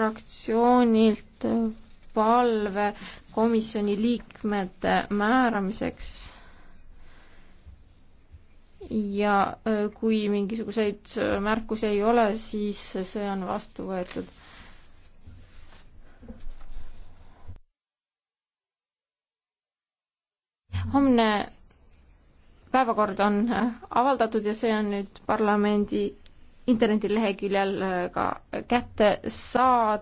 fraktsioonilt palve komisjoni liikmete määramiseks ja äh, kui mingisuguseid äh, märkusi ei ole, siis see on vastu võetud. homne päevakord on äh, avaldatud ja see on nüüd parlamendi internetileheküljel äh, ka kätte saada.